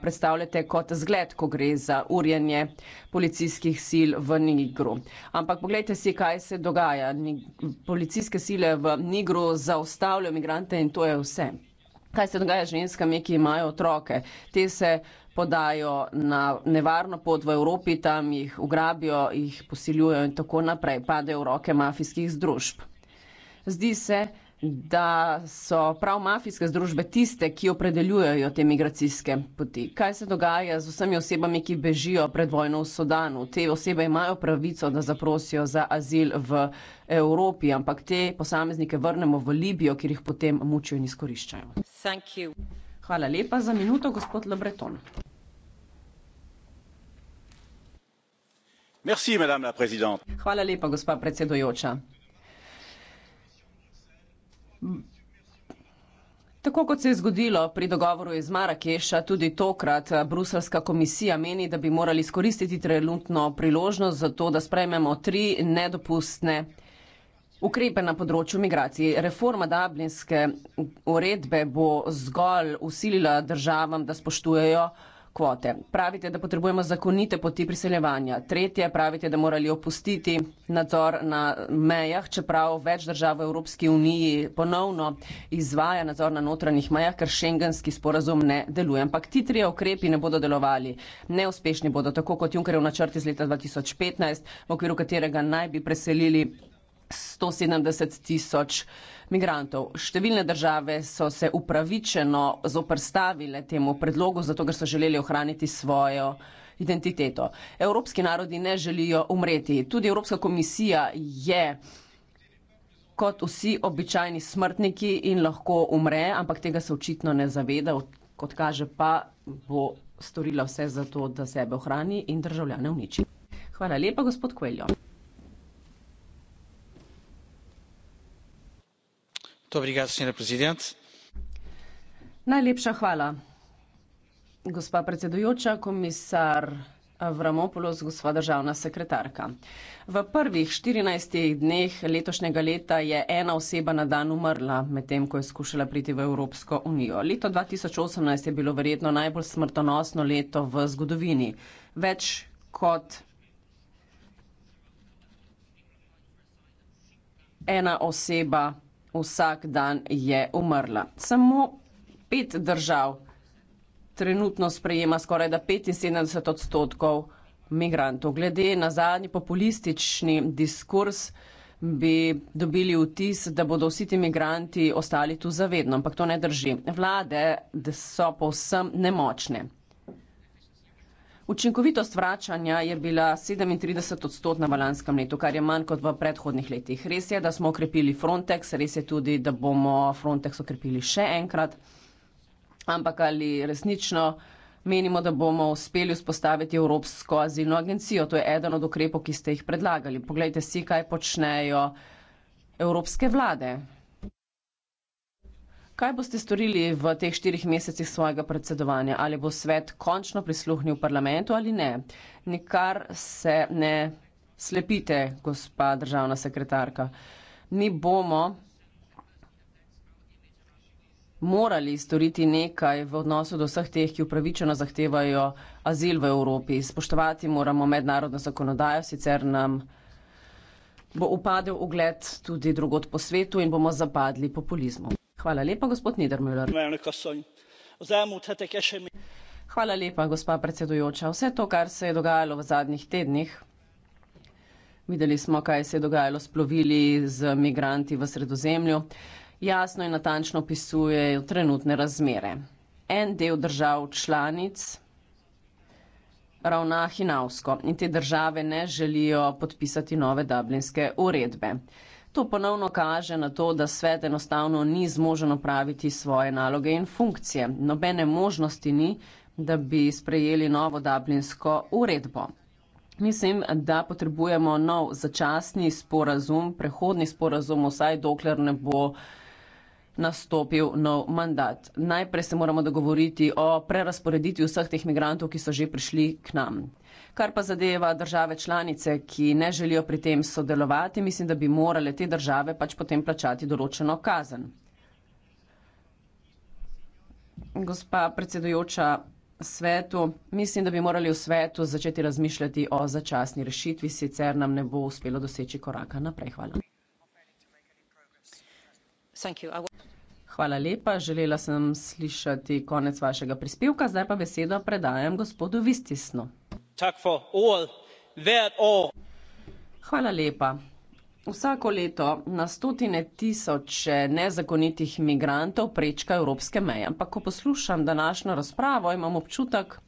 predstavljate kot zgled, ko gre za urjanje policijskih sil v Nigru. Ampak pogledajte si, kaj se dogaja. Policijske sile v Nigru zaustavljajo imigrante in to je vse. Kaj se dogaja ženskami, ki imajo otroke? Te se podajo na nevarno pot v Evropi, tam jih ugrabijo, jih posiljujo in tako naprej, padejo v roke mafijskih združb. Zdi se, da so prav mafijske združbe tiste, ki opredeljujejo te migracijske poti. Kaj se dogaja z vsemi osebami, ki bežijo pred vojno v Sudanu? Te osebe imajo pravico, da zaprosijo za azil v Evropi, ampak te posameznike vrnemo v Libijo, kjer jih potem mučijo in izkoriščajo. Hvala lepa za minuto, gospod Lebreton. Merci, Hvala lepa, gospa predsedujoča. Tako kot se je zgodilo pri dogovoru iz Marakeša, tudi tokrat eh, Bruselska komisija meni, da bi morali skoristiti trenutno priložnost za to, da sprejmemo tri nedopustne ukrepe na področju migracij. Reforma dublinske uredbe bo zgolj usilila državam, da spoštujejo kvote. Pravite, da potrebujemo zakonite poti priseljevanja. Tretje, pravite, da morali opustiti nadzor na mejah, čeprav več držav v Evropski uniji ponovno izvaja nadzor na notranjih mejah, ker šengenski sporazum ne deluje. Ampak ti trije ukrepi ne bodo delovali. Neuspešni bodo, tako kot Junkerjev načrt iz leta 2015, v okviru katerega naj bi preselili 170 tisoč migrantov. Številne države so se upravičeno zoprstavile temu predlogu, zato ker so želeli ohraniti svojo identiteto. Evropski narodi ne želijo umreti. Tudi Evropska komisija je kot vsi običajni smrtniki in lahko umre, ampak tega se očitno ne zaveda, kot kaže pa bo storila vse za to, da sebe ohrani in državljane uniči. Hvala lepa, gospod Kveljo. Najlepša hvala. Gospa predsedujoča, komisar Avramopoulos, gospa državna sekretarka. V prvih štirinajstih dneh letošnjega leta je ena oseba na dan umrla, medtem ko je skušala priti v Evropsko unijo. Leto dva tisoč osemnajst je bilo verjetno najbolj smrtonosno leto v zgodovini. Več kot ena oseba vsak dan je umrla. Samo pet držav trenutno sprejema skoraj da 75 odstotkov migrantov. Glede na zadnji populistični diskurs bi dobili vtis, da bodo vsi ti migranti ostali tu zavedno, ampak to ne drži. Vlade so povsem nemočne. Učinkovitost vračanja je bila 37 odstotna v lanskem letu, kar je manj kot v predhodnih letih. Res je, da smo okrepili Frontex, res je tudi, da bomo Frontex okrepili še enkrat, ampak ali resnično menimo, da bomo uspeli vzpostaviti Evropsko azilno agencijo. To je eden od ukrepov, ki ste jih predlagali. Poglejte si, kaj počnejo evropske vlade. Kaj boste storili v teh štirih mesecih svojega predsedovanja? Ali bo svet končno prisluhnil parlamentu ali ne? Nikar se ne slepite, gospa državna sekretarka. Mi bomo morali storiti nekaj v odnosu do vseh teh, ki upravičeno zahtevajo azil v Evropi. Spoštovati moramo mednarodno zakonodajo, sicer nam bo upadel ugled tudi drugot po svetu in bomo zapadli populizmu. Hvala lepa, gospod Niedermüller. Hvala lepa, gospa predsedujoča. Vse to, kar se je dogajalo v zadnjih tednih, videli smo, kaj se je dogajalo s plovili, z migranti v sredozemlju, jasno in natančno opisujejo trenutne razmere. En del držav članic ravna hinavsko in te države ne želijo podpisati nove dublinske uredbe. To ponovno kaže na to, da svet enostavno ni zmožen opraviti svoje naloge in funkcije. Nobene možnosti ni, da bi sprejeli novo dublinsko uredbo. Mislim, da potrebujemo nov začasni sporazum, prehodni sporazum, vsaj dokler ne bo nastopil nov mandat. Najprej se moramo dogovoriti o prerasporeditvi vseh teh migrantov, ki so že prišli k nam. Kar pa zadeva države članice, ki ne želijo pri tem sodelovati, mislim, da bi morale te države pač potem plačati določeno kazen. Gospa predsedujoča svetu, mislim, da bi morali v svetu začeti razmišljati o začasni rešitvi, sicer nam ne bo uspelo doseči koraka naprej. Hvala. Hvala lepa, želela sem slišati konec vašega prispevka, zdaj pa besedo predajam gospodu Vistisnu. Hvala lepa. Vsako leto na stotine tisoče nezakonitih migrantov prečka evropske meje. Ampak, ko poslušam današnjo razpravo, imam občutek,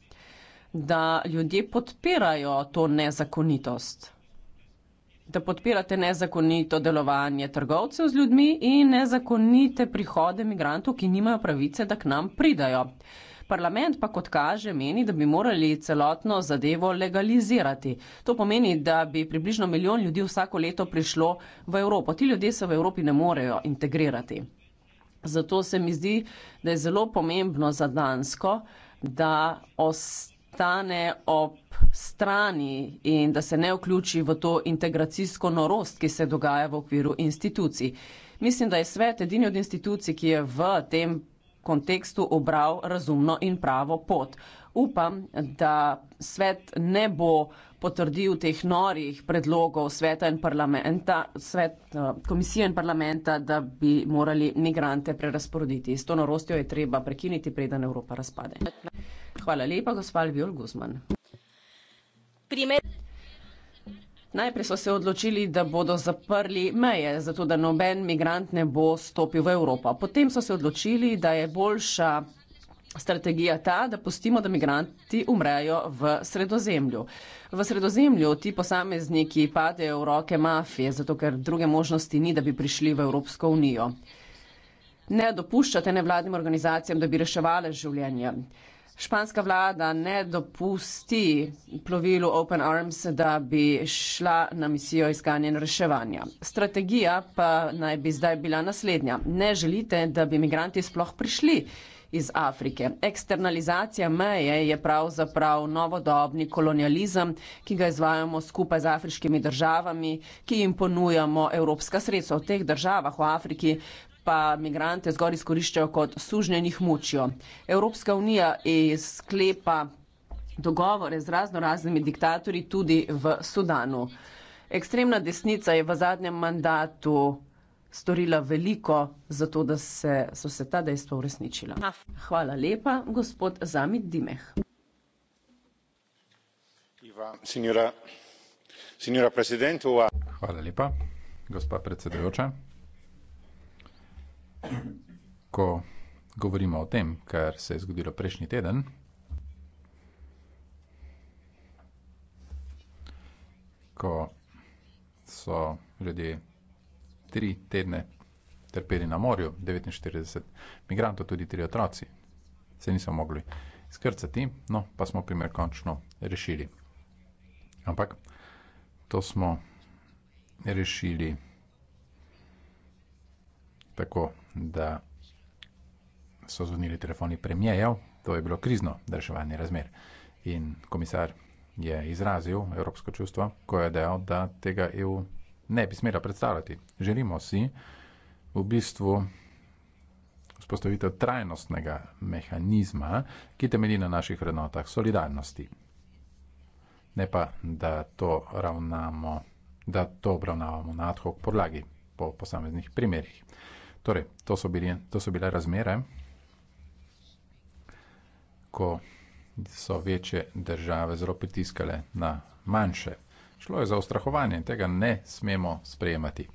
da ljudje podpirajo to nezakonitost. Da podpirate nezakonito delovanje trgovcev z ljudmi in nezakonite prihode migrantov, ki nimajo pravice, da k nam pridajo. Parlament pa kot kaže meni, da bi morali celotno zadevo legalizirati. To pomeni, da bi približno milijon ljudi vsako leto prišlo v Evropo. Ti ljudje se v Evropi ne morejo integrirati. Zato se mi zdi, da je zelo pomembno za Dansko, da ostane ob strani in da se ne vključi v to integracijsko norost, ki se dogaja v okviru institucij. Mislim, da je svet edini od institucij, ki je v tem kontekstu obral razumno in pravo pot. Upam, da svet ne bo potrdil teh norih predlogov sveta in parlamenta, svet, eh, komisije in parlamenta, da bi morali migrante prerasporoditi. S to norostjo je treba prekiniti, preden Evropa razpade. Hvala lepa, gospod Viol Guzman. Primer. Najprej so se odločili, da bodo zaprli meje, zato da noben migrant ne bo stopil v Evropo. Potem so se odločili, da je boljša strategija ta, da pustimo, da migranti umrejo v sredozemlju. V sredozemlju ti posamezniki padejo v roke mafije, zato ker druge možnosti ni, da bi prišli v Evropsko unijo. Ne dopuščate nevladnim organizacijam, da bi reševali življenje španska vlada ne dopusti plovilu Open Arms, da bi šla na misijo iskanja in reševanja. Strategija pa naj bi zdaj bila naslednja. Ne želite, da bi imigranti sploh prišli iz Afrike. Eksternalizacija meje je pravzaprav novodobni kolonializem, ki ga izvajamo skupaj z afriškimi državami, ki jim ponujamo evropska sredstva. V teh državah v Afriki pa migrante zgolj izkoriščajo kot sužnjenih mučijo. Evropska unija sklepa dogovore z razno raznimi diktatorji tudi v Sudanu. Ekstremna desnica je v zadnjem mandatu storila veliko za to, da se, so se ta dejstva uresničila. Hvala lepa, gospod Zamit Dimeh. Signora, signora Hvala lepa, gospa predsedujoča ko govorimo o tem, kar se je zgodilo prejšnji teden, ko so ljudje tri tedne trpeli na morju, 49 migrantov, tudi tri otroci, se niso mogli skrcati, no pa smo primer končno rešili. Ampak to smo rešili tako, da so zvonili telefoni premijejev, to je bilo krizno reševanje razmer. In komisar je izrazil evropsko čustvo, ko je dejal, da tega EU ne bi smela predstavljati. Želimo si v bistvu vzpostavitev trajnostnega mehanizma, ki temelji na naših vrednotah solidarnosti. Ne pa, da to, ravnamo, da to obravnavamo na ad hoc podlagi po posameznih primerjih. Torej, to so, bili, to so bile razmere, ko so večje države zelo pritiskale na manjše. Šlo je za ustrahovanje in tega ne smemo sprejemati.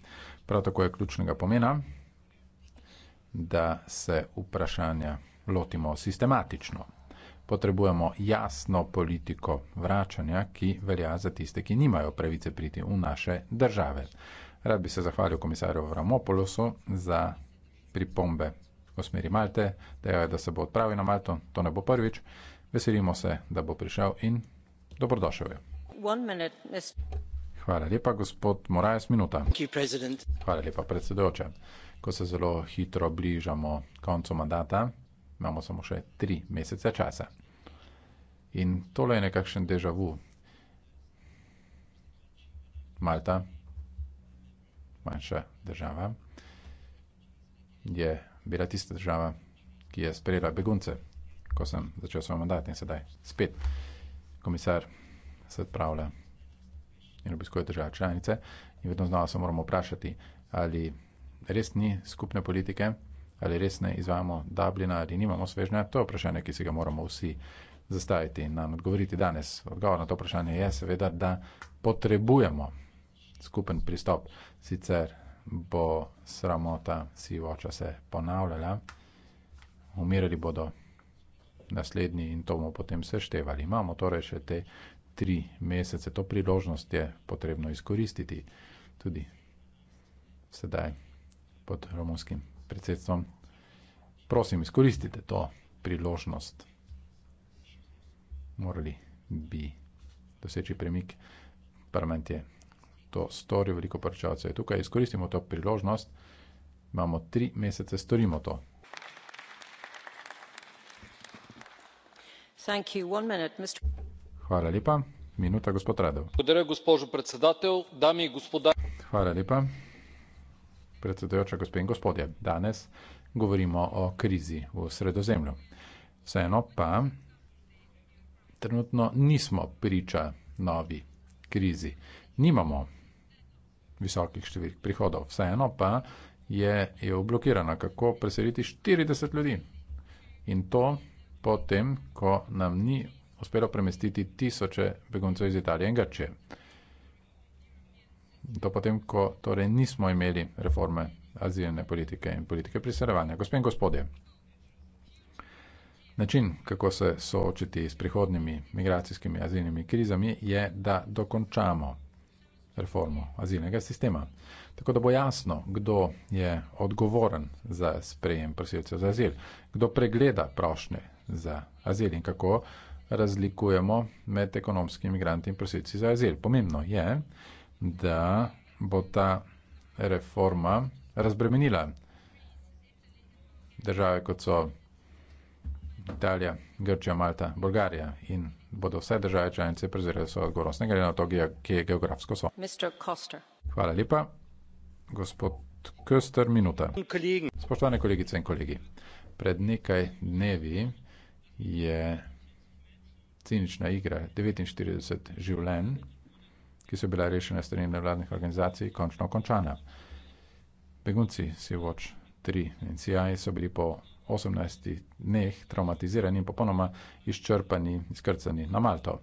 Prav tako je ključnega pomena, da se vprašanja lotimo sistematično. Potrebujemo jasno politiko vračanja, ki velja za tiste, ki nimajo pravice priti v naše države. Rad bi se zahvalil komisarju Vramopolosu za pripombe v smeri Malte, dejal je, da se bo odpravil na Malto, to ne bo prvič. Veselimo se, da bo prišel in dobrodošel je. Hvala lepa, gospod Morales, minuta. Hvala lepa, predsedujoča. Ko se zelo hitro bližamo koncu mandata, imamo samo še tri mesece časa. In tole je nekakšen deja vu. Malta, manjša država, je bila tista država, ki je sprejela begunce, ko sem začel svoj mandat in sedaj spet komisar se odpravlja in obiskuje države članice in vedno znova se moramo vprašati, ali res ni skupne politike, ali res ne izvajamo Dublina, ali nimamo svežnja, to je vprašanje, ki si ga moramo vsi zastaviti in nam odgovoriti danes. Odgovor na to vprašanje je seveda, da potrebujemo skupen pristop. Sicer bo sramota sivoča se ponavljala, umirali bodo naslednji in to bomo potem seštevali. Imamo torej še te tri mesece, to priložnost je potrebno izkoristiti tudi sedaj pod romunskim predsedstvom. Prosim, izkoristite to priložnost. Morali bi doseči premik. Parlament je to storil veliko prečavcev. Tukaj izkoristimo to priložnost, imamo tri mesece, storimo to. Hvala lepa. Minuta, gospod Radov. Hvala lepa. Predsedujoča, gospe in gospodje, danes govorimo o krizi v sredozemlju. Vseeno pa trenutno nismo priča novi krizi. Nimamo visokih številk prihodov. Vseeno pa je, je oblokirana, kako preseliti 40 ljudi. In to potem, ko nam ni uspelo premestiti tisoče beguncev iz Italije in Grče. To potem, ko torej nismo imeli reforme azilne politike in politike priseljevanja. Gospe in gospodje, način, kako se soočiti s prihodnimi migracijskimi azilnimi krizami, je, da dokončamo reformo azilnega sistema. Tako da bo jasno, kdo je odgovoren za sprejem prosilcev za azil, kdo pregleda prošnje za azil in kako razlikujemo med ekonomskimi migranti in prosilci za azil. Pomembno je, da bo ta reforma razbremenila države, kot so Italija, Grčija, Malta, Bolgarija in bodo vse države članice prezirali svojo odgovornost, ne glede na to, kje geografsko so. Hvala lepa. Gospod Köster, minuta. Spoštovane kolegice in kolegi, pred nekaj dnevi je cinična igra 49 življenj, ki so bila rešena strani nevladnih organizacij, končno končana. Begunci Sea Watch 3 in CIA so bili po 18 dneh traumatizirani in popolnoma izčrpani, izkrcani na Malto.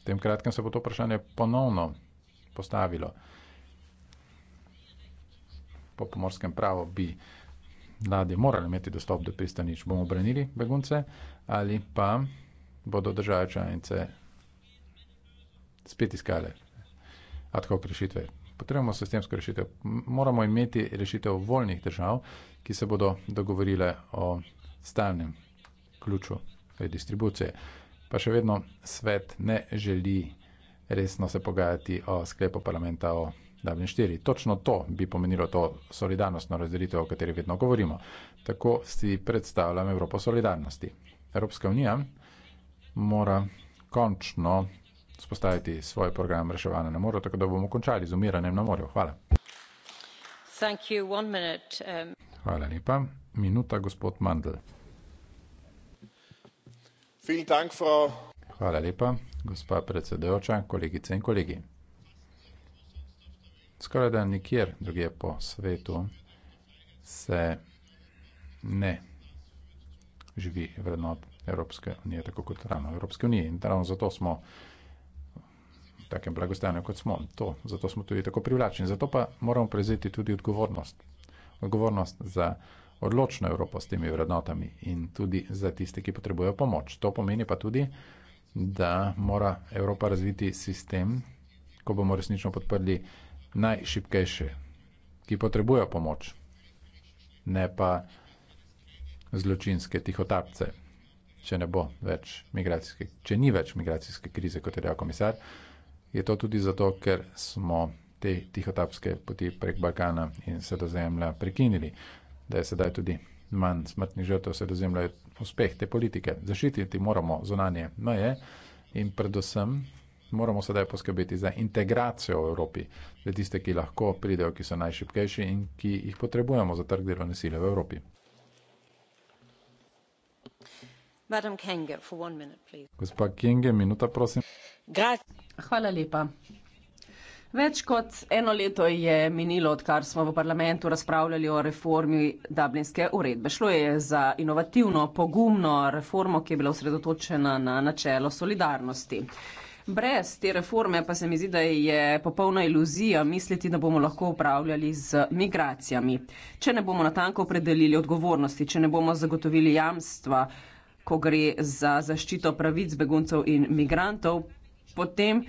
V tem kratkem se bo to vprašanje ponovno postavilo. Po pomorskem pravu bi ladje morali imeti dostop do pristanič, bomo obranili begunce ali pa bodo države članice spet iskale ad hoc rešitve, Potrebujemo sistemsko rešitev. Moramo imeti rešitev voljnih držav, ki se bodo dogovorile o stalnem ključu te distribucije. Pa še vedno svet ne želi resno se pogajati o sklepu parlamenta o Dublin 4. Točno to bi pomenilo to solidarnostno razdelitev, o kateri vedno govorimo. Tako si predstavljam Evropo solidarnosti. Evropska unija mora končno spostaviti svoj program reševanja na morju tako da bomo končali z umiranjem na morju. Hvala. Thank you. One minute, um... Hvala lepa. Minuta, gospod Mandl. Dank, Frau... Hvala lepa, gospa predsedujoča, kolegice in kolegi. Skoraj da nikjer drugje po svetu se ne živi vrednot Evropske unije, tako kot ravno Evropske unije. In ravno zato smo takem blagostanju, kot smo. To, zato smo tudi tako privlačni. Zato pa moramo prevzeti tudi odgovornost. Odgovornost za odločno Evropo s temi vrednotami in tudi za tiste, ki potrebujejo pomoč. To pomeni pa tudi, da mora Evropa razviti sistem, ko bomo resnično podprli najšipkejše, ki potrebujejo pomoč, ne pa zločinske tihotapce, če ne bo več migracijske, če ni več migracijske krize, kot je rekel komisar je to tudi zato, ker smo te tihotapske poti prek Balkana in sredozemlja prekinili, da je sedaj tudi manj smrtni žrtev sredozemlja uspeh te politike. Zaščititi moramo zunanje meje in predvsem moramo sedaj poskrbeti za integracijo v Evropi, za tiste, ki lahko pridejo, ki so najšipkejši in ki jih potrebujemo za trg delovne sile v Evropi. Kenge, minute, Gospa Kenge, minuta, prosim. Grazie. Hvala lepa. Več kot eno leto je minilo, odkar smo v parlamentu razpravljali o reformi Dublinske uredbe. Šlo je za inovativno, pogumno reformo, ki je bila osredotočena na načelo solidarnosti. Brez te reforme pa se mi zdi, da je popolna iluzija misliti, da bomo lahko upravljali z migracijami. Če ne bomo natanko opredelili odgovornosti, če ne bomo zagotovili jamstva, ko gre za zaščito pravic beguncev in migrantov, potem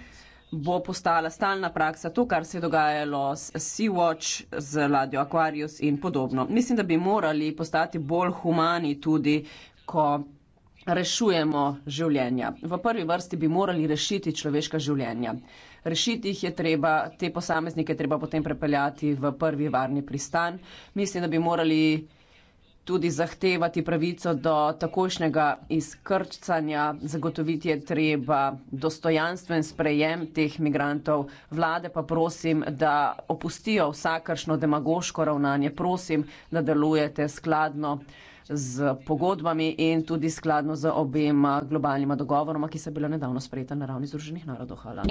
bo postala stalna praksa to, kar se je dogajalo s Sea-Watch, z ladjo Aquarius in podobno. Mislim, da bi morali postati bolj humani tudi, ko rešujemo življenja. V prvi vrsti bi morali rešiti človeška življenja. Rešiti jih je treba, te posameznike treba potem prepeljati v prvi varni pristan. Mislim, da bi morali tudi zahtevati pravico do takošnjega izkrčcanja, zagotoviti je treba dostojanstven sprejem teh migrantov. Vlade pa prosim, da opustijo vsakršno demagoško ravnanje. Prosim, da delujete skladno z pogodbami in tudi skladno z obema globalnima dogovoroma, ki se bila nedavno sprejeta na ravni Združenih narodov. Hvala.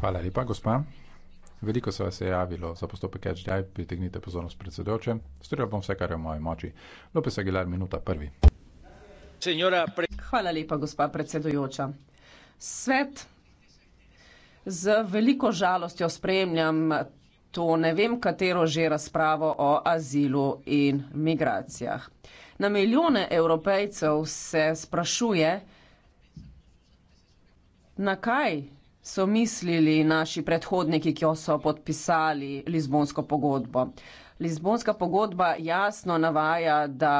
Hvala lepa, gospa. Veliko se vas je javilo za postopek HDI, pritegnite pozornost predsedujoče. Storil bom vse, kar je v moji moči. Lopes Aguilar, minuta prvi. Hvala lepa, gospa predsedujoča. Svet, z veliko žalostjo spremljam to ne vem katero že razpravo o azilu in migracijah. Na milijone evropejcev se sprašuje, na kaj so mislili naši predhodniki, ki so podpisali Lizbonsko pogodbo. Lizbonska pogodba jasno navaja, da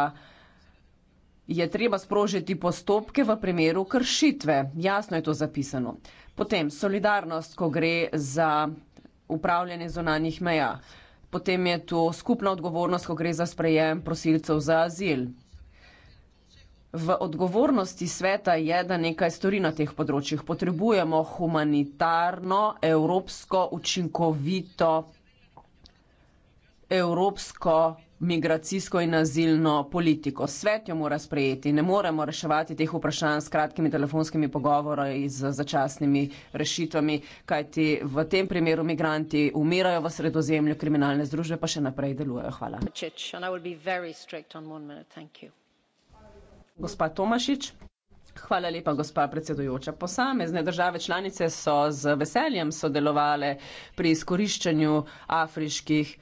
je treba sprožiti postopke v primeru kršitve. Jasno je to zapisano. Potem solidarnost, ko gre za upravljanje zonanjih meja. Potem je tu skupna odgovornost, ko gre za sprejem prosilcev za azil. V odgovornosti sveta je, da nekaj stori na teh področjih. Potrebujemo humanitarno, evropsko, učinkovito, evropsko migracijsko in azilno politiko. Svet jo mora sprejeti, ne moremo reševati teh vprašanj s kratkimi telefonskimi pogovori in z začasnimi rešitvami, kajti v tem primeru migranti umirajo v sredozemlju, kriminalne združbe pa še naprej delujejo. Hvala. Čič, gospa Tomašič. Hvala lepa, gospa predsedujoča. Posamezne države članice so z veseljem sodelovali pri izkoriščanju afriških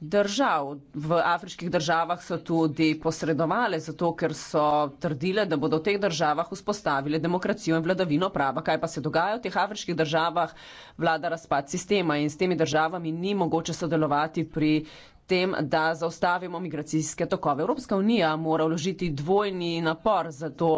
držav. V afriških državah so tudi posredovali, zato ker so trdile, da bodo v teh državah vzpostavili demokracijo in vladavino prava. Kaj pa se dogaja v teh afriških državah? Vlada razpad sistema in s temi državami ni mogoče sodelovati pri tem, da zaustavimo migracijske tokove. Evropska unija mora vložiti dvojni napor za to,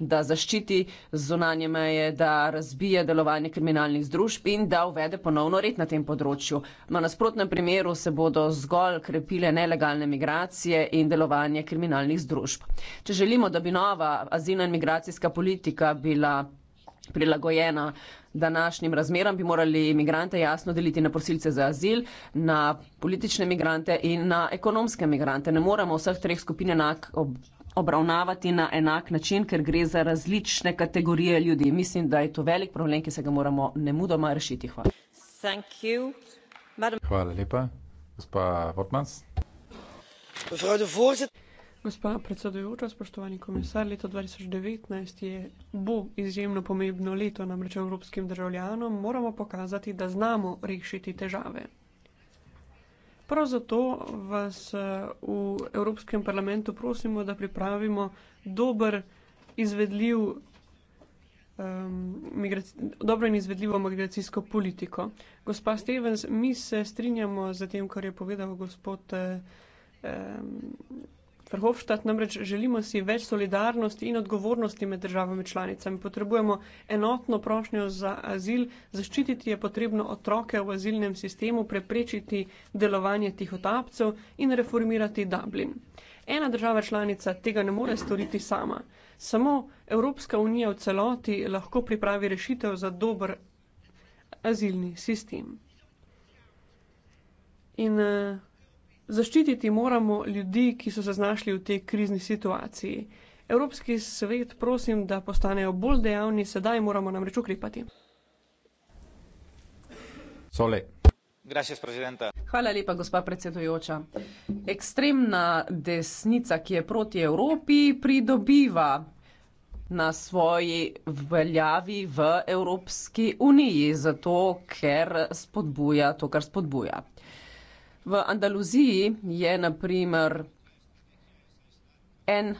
da zaščiti zunanje meje, da razbije delovanje kriminalnih združb in da uvede ponovno red na tem področju. Na no, nasprotnem primeru se bodo zgolj krepile nelegalne migracije in delovanje kriminalnih združb. Če želimo, da bi nova azilna in migracijska politika bila prilagojena današnjim razmeram, bi morali imigrante jasno deliti na prosilce za azil, na politične imigrante in na ekonomske imigrante. Ne moramo vseh treh skupin enak ob obravnavati na enak način, ker gre za različne kategorije ljudi. Mislim, da je to velik problem, ki se ga moramo nemudoma rešiti. Hvala. Thank you. Madam... Hvala lepa. Gospa Votmans. Mevrouw de voorzitter. Gospa predsedujoča, spoštovani komisar, leto 2019 je, bo izjemno pomembno leto namreč evropskim državljanom. Moramo pokazati, da znamo rešiti težave. Prav zato vas v Evropskem parlamentu prosimo, da pripravimo dober izvedljiv, um, dobro in izvedljivo migracijsko politiko. Gospa Stevens, mi se strinjamo z tem, kar je povedal gospod. Um, Verhofstadt, namreč želimo si več solidarnosti in odgovornosti med državami članicami. Potrebujemo enotno prošnjo za azil, zaščititi je potrebno otroke v azilnem sistemu, preprečiti delovanje tihotapcev in reformirati Dublin. Ena država članica tega ne more storiti sama. Samo Evropska unija v celoti lahko pripravi rešitev za dober azilni sistem. In uh, Zaščititi moramo ljudi, ki so se znašli v tej krizni situaciji. Evropski svet prosim, da postanejo bolj dejavni, sedaj moramo namreč ukrepati. Sole. Hvala lepa, gospa predsedujoča. Ekstremna desnica, ki je proti Evropi, pridobiva na svoji veljavi v Evropski uniji, zato ker spodbuja to, kar spodbuja. V Andaluziji je naprimer en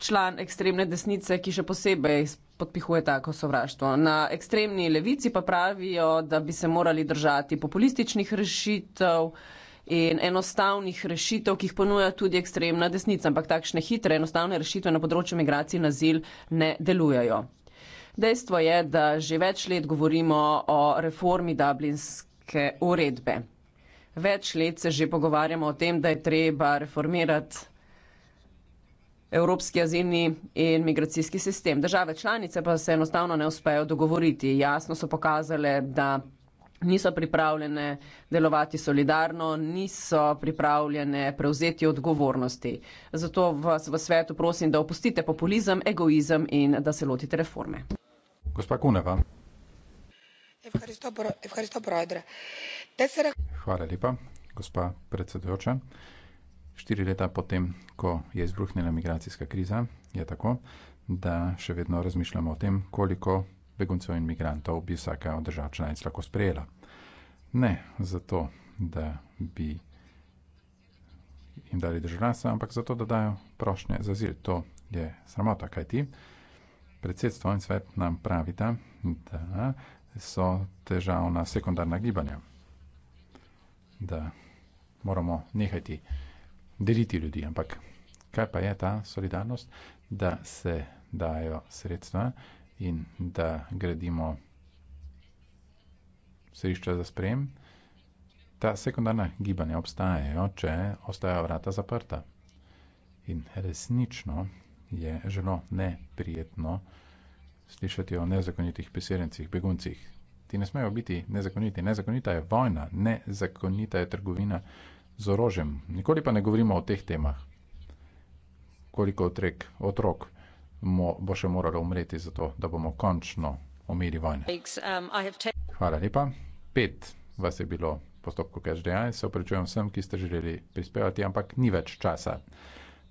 član ekstremne desnice, ki še posebej podpihuje tako sovraštvo. Na ekstremni levici pa pravijo, da bi se morali držati populističnih rešitev in enostavnih rešitev, ki jih ponuja tudi ekstremna desnica, ampak takšne hitre, enostavne rešitve na področju migracij in azil ne delujejo. Dejstvo je, da že več let govorimo o reformi Dublinske uredbe. Več let se že pogovarjamo o tem, da je treba reformirati evropski azilni in migracijski sistem. Države članice pa se enostavno ne uspejo dogovoriti. Jasno so pokazale, da niso pripravljene delovati solidarno, niso pripravljene prevzeti odgovornosti. Zato vas v svetu prosim, da opustite populizem, egoizem in da se lotite reforme. Gospa Kuneva. Hvala lepa, gospa predsedujoča. Štiri leta potem, ko je izbruhnila migracijska kriza, je tako, da še vedno razmišljamo o tem, koliko beguncev in migrantov bi vsaka od držav članic lahko sprejela. Ne zato, da bi jim dali državljanstvo, ampak zato, da dajo prošnje za zil. To je sramota, kaj ti. Predsedstvo in svet nam pravita, da so težavna sekundarna gibanja da moramo nehati deliti ljudi. Ampak kaj pa je ta solidarnost, da se dajo sredstva in da gradimo središča za sprejem? Ta sekundarna gibanja obstajajo, če ostajajo vrata zaprta. In resnično je zelo neprijetno slišati o nezakonitih priseljencih, beguncih, ti ne smejo biti nezakoniti. Nezakonita je vojna, nezakonita je trgovina z orožjem. Nikoli pa ne govorimo o teh temah, koliko otrek, otrok mo, bo še moralo umreti za to, da bomo končno omiri vojne. Um, Hvala lepa. Pet vas je bilo postopku KSDA in se opričujem vsem, ki ste želeli prispevati, ampak ni več časa.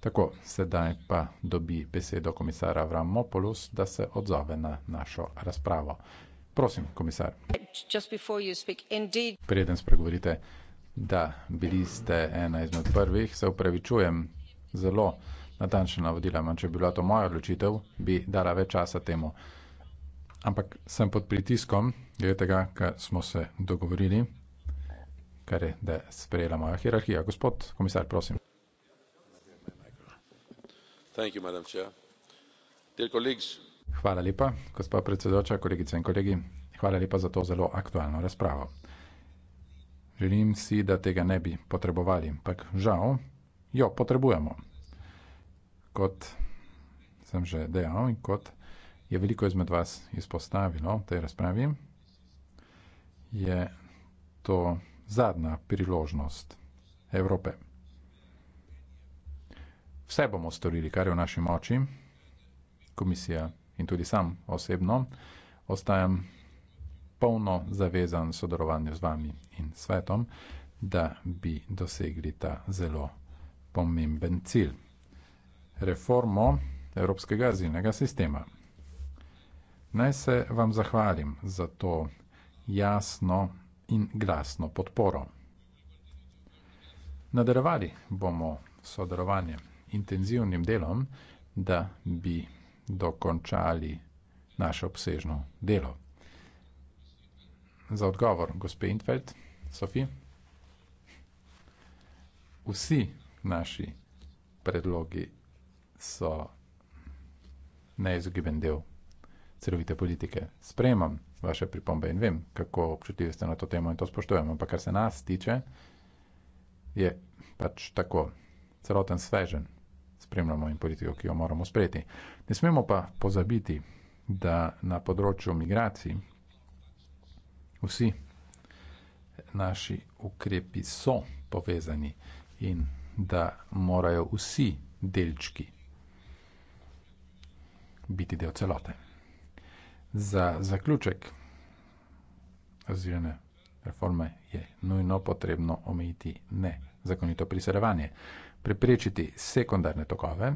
Tako, sedaj pa dobi besedo komisar Avram Mopolus, da se odzove na našo razpravo. Prosim, komisar. Preden spregovorite, da bili ste ena izmed prvih, se upravičujem zelo natančno navodila, manj če bi bila to moja odločitev, bi dala več časa temu. Ampak sem pod pritiskom, glede tega, kar smo se dogovorili, kar je, da je sprejela moja hierarhija. Gospod komisar, prosim. Thank you, Madam Chair. Dear colleagues, Hvala lepa, gospod predsedoča, kolegice in kolegi. Hvala lepa za to zelo aktualno razpravo. Želim si, da tega ne bi potrebovali, ampak žal jo potrebujemo. Kot sem že dejal in kot je veliko izmed vas izpostavilo v tej razpravi, je to zadnja priložnost Evrope. Vse bomo storili, kar je v naši moči. Komisija in tudi sam osebno ostajam polno zavezan sodelovanju z vami in svetom, da bi dosegli ta zelo pomemben cilj. Reformo Evropskega azilnega sistema. Naj se vam zahvalim za to jasno in glasno podporo. Nadarovali bomo sodelovanje intenzivnim delom, da bi dokončali naše obsežno delo. Za odgovor, gospe Infeld, Sofi, vsi naši predlogi so neizogiben del celovite politike. Sprejemam vaše pripombe in vem, kako občutljivi ste na to temo in to spoštujemo. Ampak kar se nas tiče, je pač tako celoten svežen spremljamo in politiko, ki jo moramo sprejeti. Ne smemo pa pozabiti, da na področju migracij vsi naši ukrepi so povezani in da morajo vsi delčki biti del celote. Za zaključek azilne reforme je nujno potrebno omejiti nezakonito priseljevanje preprečiti sekundarne tokove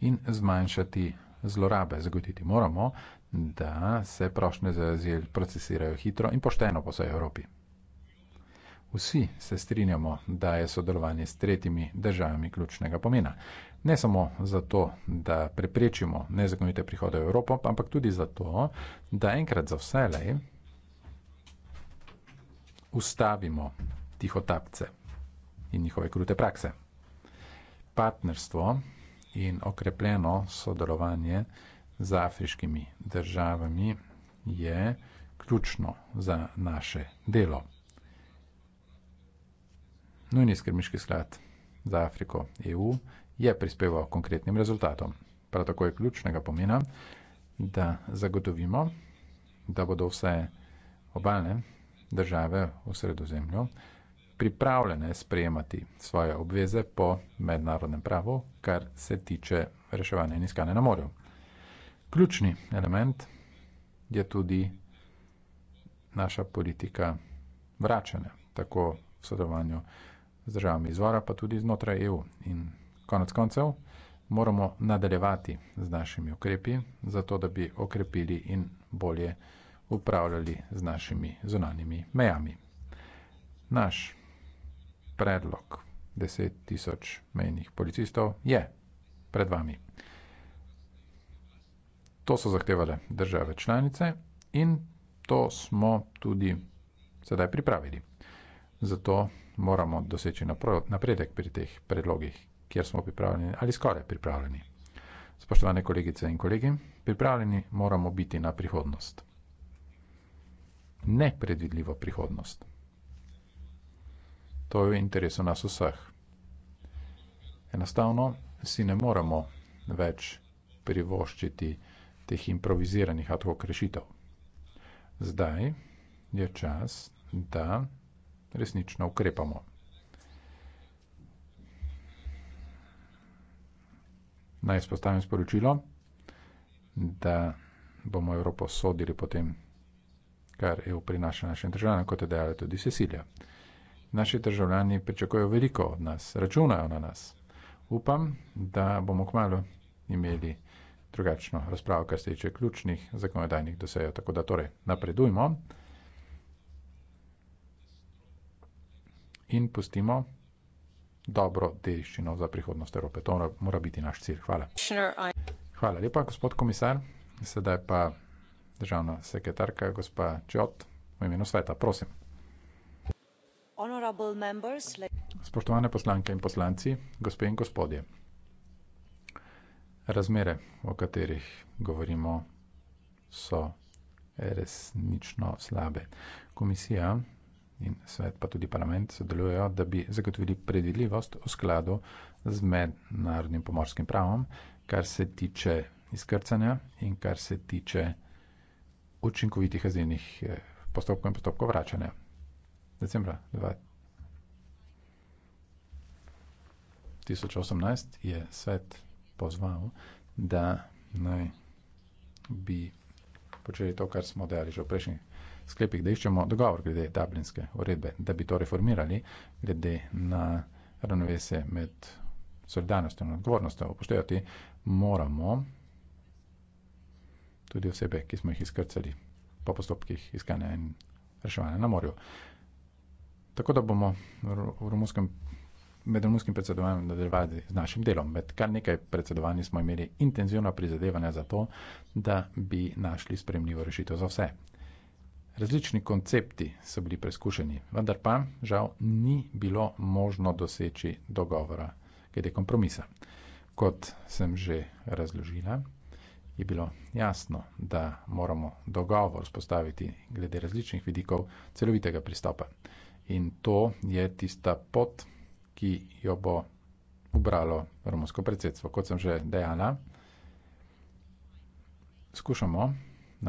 in zmanjšati zlorabe. Zagotiti moramo, da se prošnje za azil procesirajo hitro in pošteno po vsej Evropi. Vsi se strinjamo, da je sodelovanje s tretjimi državami ključnega pomena. Ne samo zato, da preprečimo nezakonite prihode v Evropo, ampak tudi zato, da enkrat za vselej ustavimo tihotapce in njihove krute prakse partnerstvo in okrepljeno sodelovanje z afriškimi državami je ključno za naše delo. Nujni skrbniški sklad za Afriko EU je prispeval konkretnim rezultatom. Prav tako je ključnega pomena, da zagotovimo, da bodo vse obalne države v sredozemlju pripravljene sprejemati svoje obveze po mednarodnem pravu, kar se tiče reševanja in iskanja na morju. Ključni element je tudi naša politika vračanja, tako v sodelovanju z državami izvora, pa tudi znotraj EU. In konec koncev moramo nadaljevati z našimi ukrepi, zato da bi okrepili in bolje upravljali z našimi zunanjimi mejami. Наш nice predlog 10 tisoč mejnih policistov je pred vami. To so zahtevale države članice in to smo tudi sedaj pripravili. Zato moramo doseči napredek pri teh predlogih, kjer smo pripravljeni ali skoraj pripravljeni. Spoštovane kolegice in kolegi, pripravljeni moramo biti na prihodnost. Nepredvidljivo prihodnost. To je v interesu nas vseh. Enostavno si ne moremo več privoščiti teh improviziranih ad hoc rešitev. Zdaj je čas, da resnično ukrepamo. Naj spostavim sporočilo, da bomo Evropo sodili po tem, kar EU prinaša našim državam, kot je dejala tudi Cecilija naši državljani pričakujejo veliko od nas, računajo na nas. Upam, da bomo kmalo imeli drugačno razpravo, kar se tiče ključnih zakonodajnih dosejev. Tako da torej napredujmo in pustimo dobro dediščino za prihodnost Evrope. To mora biti naš cilj. Hvala. Hvala lepa, gospod komisar. Sedaj pa državna sekretarka, gospa Čot, v imenu sveta. Prosim. Spoštovane poslanke in poslanci, gospe in gospodje. Razmere, o katerih govorimo, so resnično slabe. Komisija in svet, pa tudi parlament, sodelujejo, da bi zagotovili predvidljivost v skladu z mednarodnim pomorskim pravom, kar se tiče izkrcanja in kar se tiče učinkovitih azilnih eh, postopkov in postopkov vračanja decembra 2018 je svet pozval, da naj bi počeli to, kar smo dejali že v prejšnjih sklepih, da iščemo dogovor glede tablinske uredbe, da bi to reformirali glede na ravnovese med solidarnostjo in odgovornostjo. Upoštevati moramo tudi osebe, ki smo jih izkrcali po postopkih iskanja in reševanja na morju. Tako da bomo v romunskem, med romunskim predsedovanjem nadaljevali z našim delom. Med kar nekaj predsedovanji smo imeli intenzivna prizadevanja za to, da bi našli spremljivo rešitev za vse. Različni koncepti so bili preskušeni, vendar pa žal ni bilo možno doseči dogovora glede kompromisa. Kot sem že razložila, je bilo jasno, da moramo dogovor spostaviti glede različnih vidikov celovitega pristopa. In to je tista pot, ki jo bo ubralo romunsko predsedstvo. Kot sem že dejala, skušamo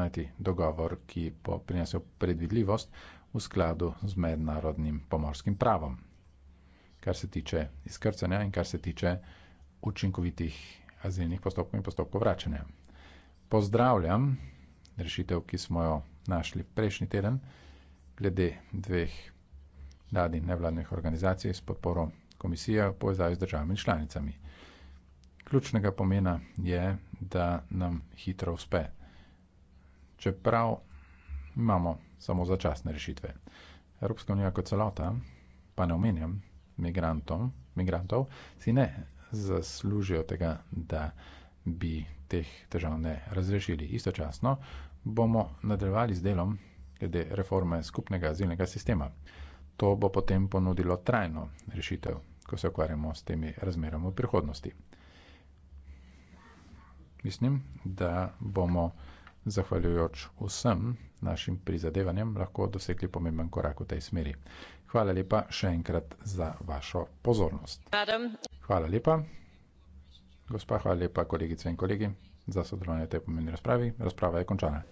najti dogovor, ki bo prinesel predvidljivost v skladu z mednarodnim pomorskim pravom, kar se tiče izkrcanja in kar se tiče učinkovitih azilnih postopkov in postopkov vračanja. Pozdravljam rešitev, ki smo jo našli prejšnji teden glede dveh radi nevladnih organizacij s podporo komisije v povezavi z državami članicami. Ključnega pomena je, da nam hitro uspe, čeprav imamo samo začasne rešitve. Evropska unija kot celota, pa ne omenjam migrantov, si ne zaslužijo tega, da bi teh težav ne razrešili. Istočasno bomo nadaljevali z delom glede reforme skupnega azilnega sistema. To bo potem ponudilo trajno rešitev, ko se ukvarjamo s temi razmerami v prihodnosti. Mislim, da bomo zahvaljujoč vsem našim prizadevanjem lahko dosegli pomemben korak v tej smeri. Hvala lepa še enkrat za vašo pozornost. Hvala lepa, gospa, hvala lepa kolegice in kolegi za sodelovanje v tej pomembni razpravi. Razprava je končana.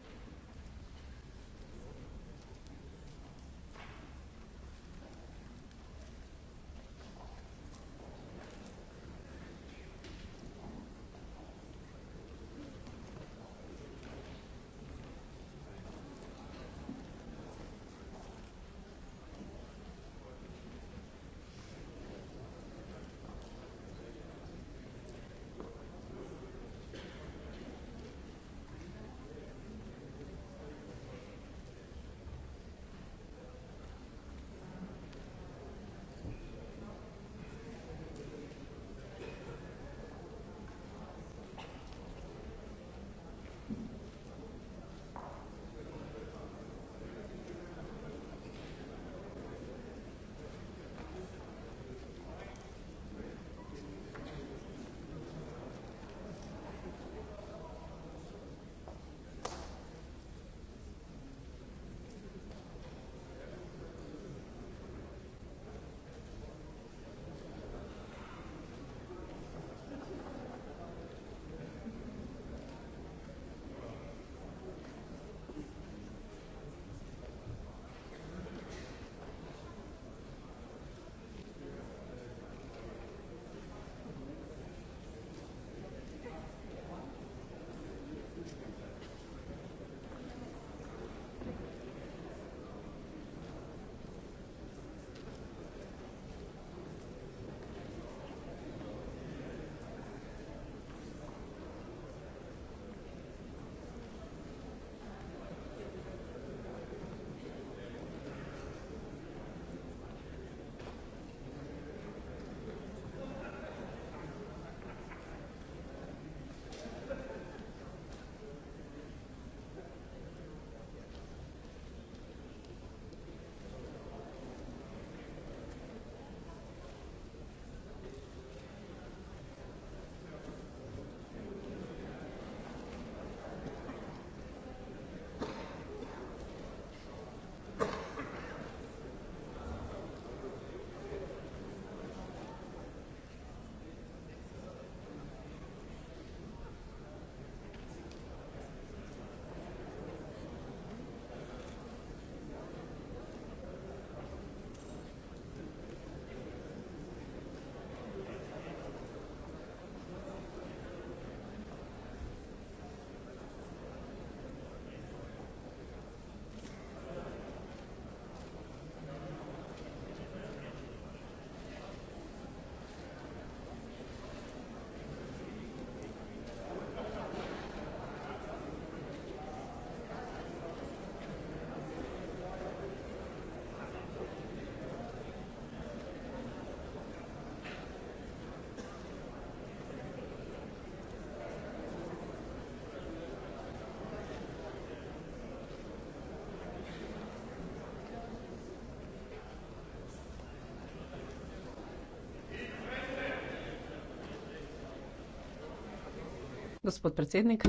gospod predsednik.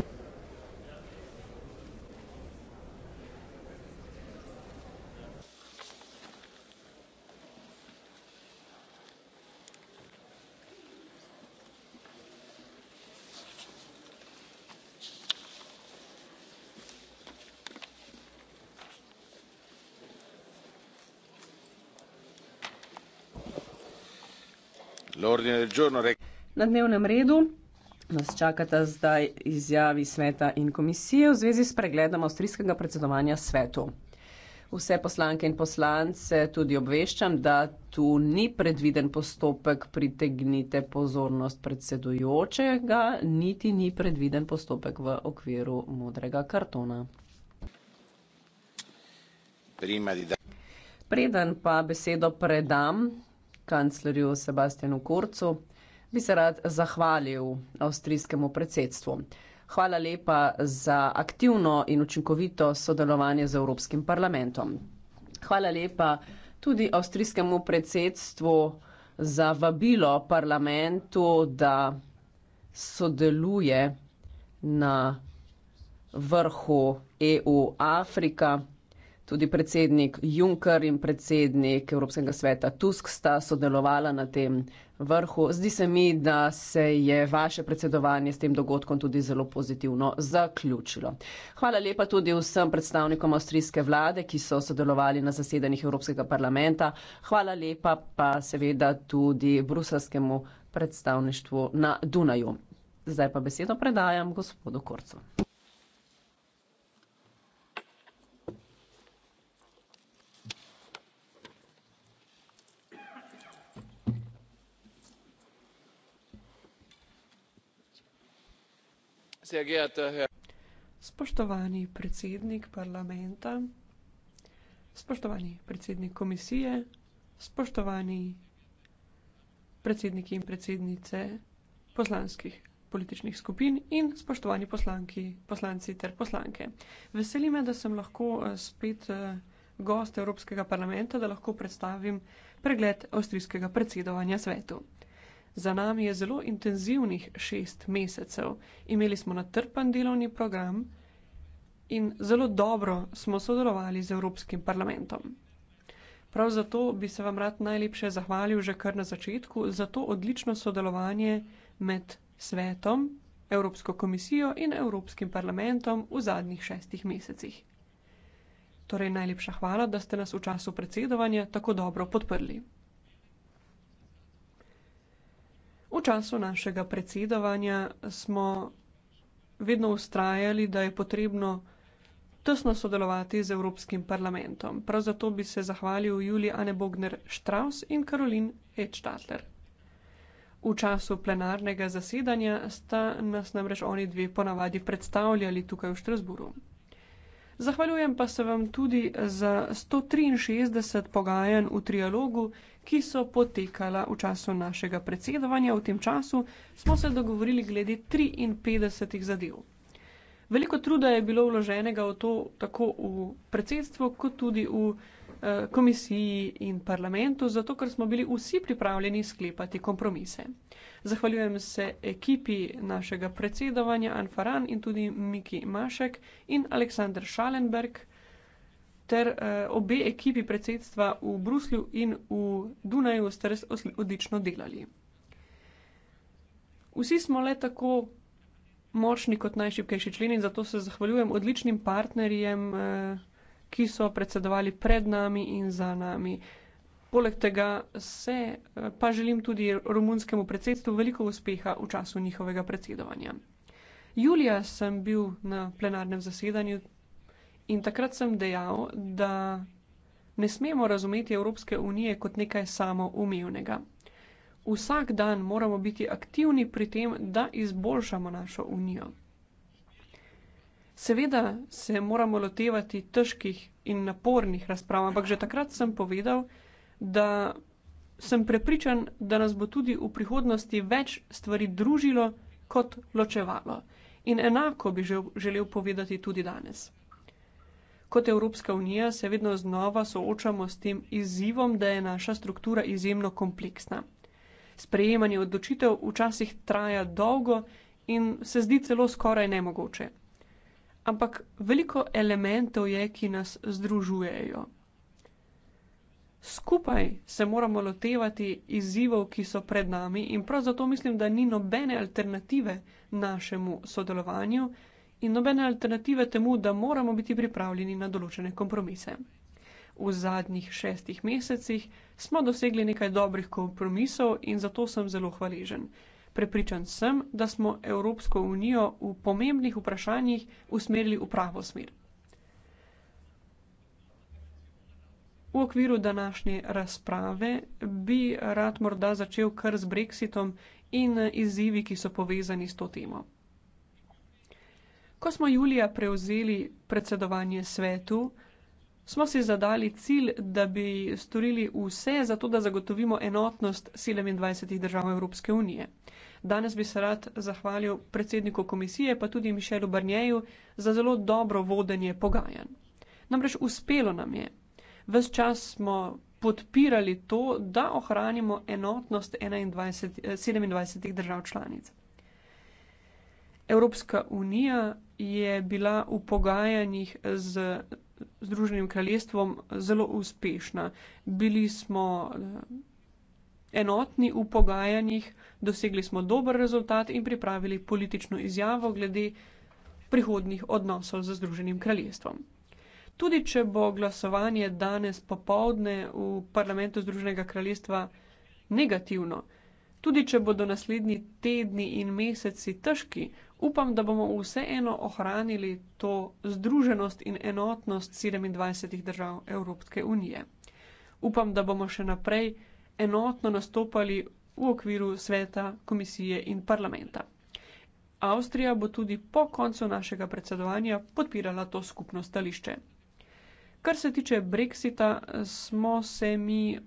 Na dnevnem redu. Nas čakata zdaj izjavi sveta in komisije v zvezi s pregledom avstrijskega predsedovanja svetu. Vse poslanke in poslance tudi obveščam, da tu ni predviden postopek pritegnite pozornost predsedujočega, niti ni predviden postopek v okviru modrega kartona. Preden pa besedo predam kanclerju Sebastianu Kurcu, bi se rad zahvalil avstrijskemu predsedstvu. Hvala lepa za aktivno in učinkovito sodelovanje z Evropskim parlamentom. Hvala lepa tudi avstrijskemu predsedstvu za vabilo parlamentu, da sodeluje na vrhu EU-Afrika. Tudi predsednik Juncker in predsednik Evropskega sveta Tusk sta sodelovala na tem vrhu. Zdi se mi, da se je vaše predsedovanje s tem dogodkom tudi zelo pozitivno zaključilo. Hvala lepa tudi vsem predstavnikom avstrijske vlade, ki so sodelovali na zasedanjih Evropskega parlamenta. Hvala lepa pa seveda tudi bruselskemu predstavništvu na Dunaju. Zdaj pa besedo predajam gospodu Korcu. organizacija GATH. Spoštovani predsednik parlamenta, spoštovani predsednik komisije, spoštovani predsedniki in predsednice poslanskih političnih skupin in spoštovani poslanki, poslanci ter poslanke. Veseli me, da sem lahko eh, spet eh, gost Evropskega parlamenta, da lahko predstavim pregled avstrijskega predsedovanja svetu. Za nami je zelo intenzivnih šest mesecev. Imeli smo natrpan delovni program in zelo dobro smo sodelovali z Evropskim parlamentom. Prav zato bi se vam rad najlepše zahvalil že kar na začetku za to odlično sodelovanje med svetom, Evropsko komisijo in Evropskim parlamentom v zadnjih šestih mesecih. Torej najlepša hvala, da ste nas v času predsedovanja tako dobro podprli. V času našega predsedovanja smo vedno ustrajali, da je potrebno tesno sodelovati z Evropskim parlamentom. Prav zato bi se zahvalil Juli Anne Bogner Strauss in Karolin Edstadler. V času plenarnega zasedanja sta nas namreč oni dve ponavadi predstavljali tukaj v Štrasburu. Zahvaljujem pa se vam tudi za 163 pogajanj v trialogu, ki so potekala v času našega predsedovanja. V tem času smo se dogovorili glede 53 zadev. Veliko truda je bilo vloženega v to tako v predsedstvo, kot tudi v Eh, komisiji in parlamentu, zato ker smo bili vsi pripravljeni sklepati kompromise. Zahvaljujem se ekipi našega predsedovanja Anfaran in tudi Miki Mašek in Aleksandr Šalenberg ter uh, obe ekipi predsedstva v Bruslju in v Dunaju ste res odlično delali. Vsi smo le tako močni kot najšipkejši člen in zato se zahvaljujem odličnim partnerjem uh, ki so predsedovali pred nami in za nami. Poleg tega se eh, pa želim tudi romunskemu predsedstvu veliko uspeha v času njihovega predsedovanja. Julija sem bil na plenarnem zasedanju in takrat sem dejal, da ne smemo razumeti Evropske unije kot nekaj samoumevnega. Vsak dan moramo biti aktivni pri tem, da izboljšamo našo unijo. Seveda se moramo lotevati težkih in napornih razprav, ampak že takrat sem povedal, da sem prepričan, da nas bo tudi v prihodnosti več stvari družilo kot ločevalo. In enako bi želel povedati tudi danes. Kot Evropska unija se vedno znova soočamo s tem izzivom, da je naša struktura izjemno kompleksna. Sprejemanje odločitev včasih traja dolgo in se zdi celo skoraj nemogoče ampak veliko elementov je, ki nas združujejo. Skupaj se moramo lotevati izzivov, ki so pred nami, in prav zato mislim, da ni nobene alternative našemu sodelovanju in nobene alternative temu, da moramo biti pripravljeni na določene kompromise. V zadnjih šestih mesecih smo dosegli nekaj dobrih kompromisov in zato sem zelo hvaležen. Prepričan sem, da smo Evropsko unijo v pomembnih vprašanjih usmerili v pravo smer. V okviru današnje razprave bi rad morda začel kar z brexitom in izzivi, ki so povezani s to temo. Ko smo julija prevzeli predsedovanje svetu, smo si zadali cilj, da bi storili vse za to, da zagotovimo enotnost 27 držav Evropske unije. Danes bi se rad zahvalil predsedniku komisije, pa tudi Mišelu Barnjeju, za zelo dobro vodenje pogajanj. Namreč uspelo nam je. Ves čas smo podpirali to, da ohranimo enotnost 21, 27 eh, držav članic. Evropska unija je bila v pogajanjih z Združenim kraljestvom zelo uspešna. Bili smo eh, enotni v pogajanjih, dosegli smo dober rezultat in pripravili politično izjavo glede prihodnih odnosov z Združenim kraljestvom. Tudi če bo glasovanje danes popovdne v parlamentu Združenega kraljestva negativno, tudi če bodo naslednji tedni in meseci težki, upam, da bomo vseeno ohranili to združenost in enotnost 27 držav Evropske unije. Upam, da bomo še naprej enotno nastopali v okviru sveta, komisije in parlamenta. Avstrija bo tudi po koncu našega predsedovanja podpirala to skupno stališče. Kar se tiče Brexita, smo se mi